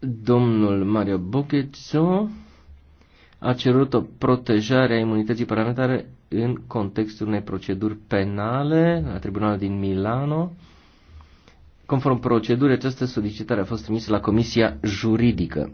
domnul Mario Bochețo a cerut o protejare a imunității parlamentare în contextul unei proceduri penale la tribunalul din Milano. Conform procedurii, această solicitare a fost trimisă la Comisia Juridică.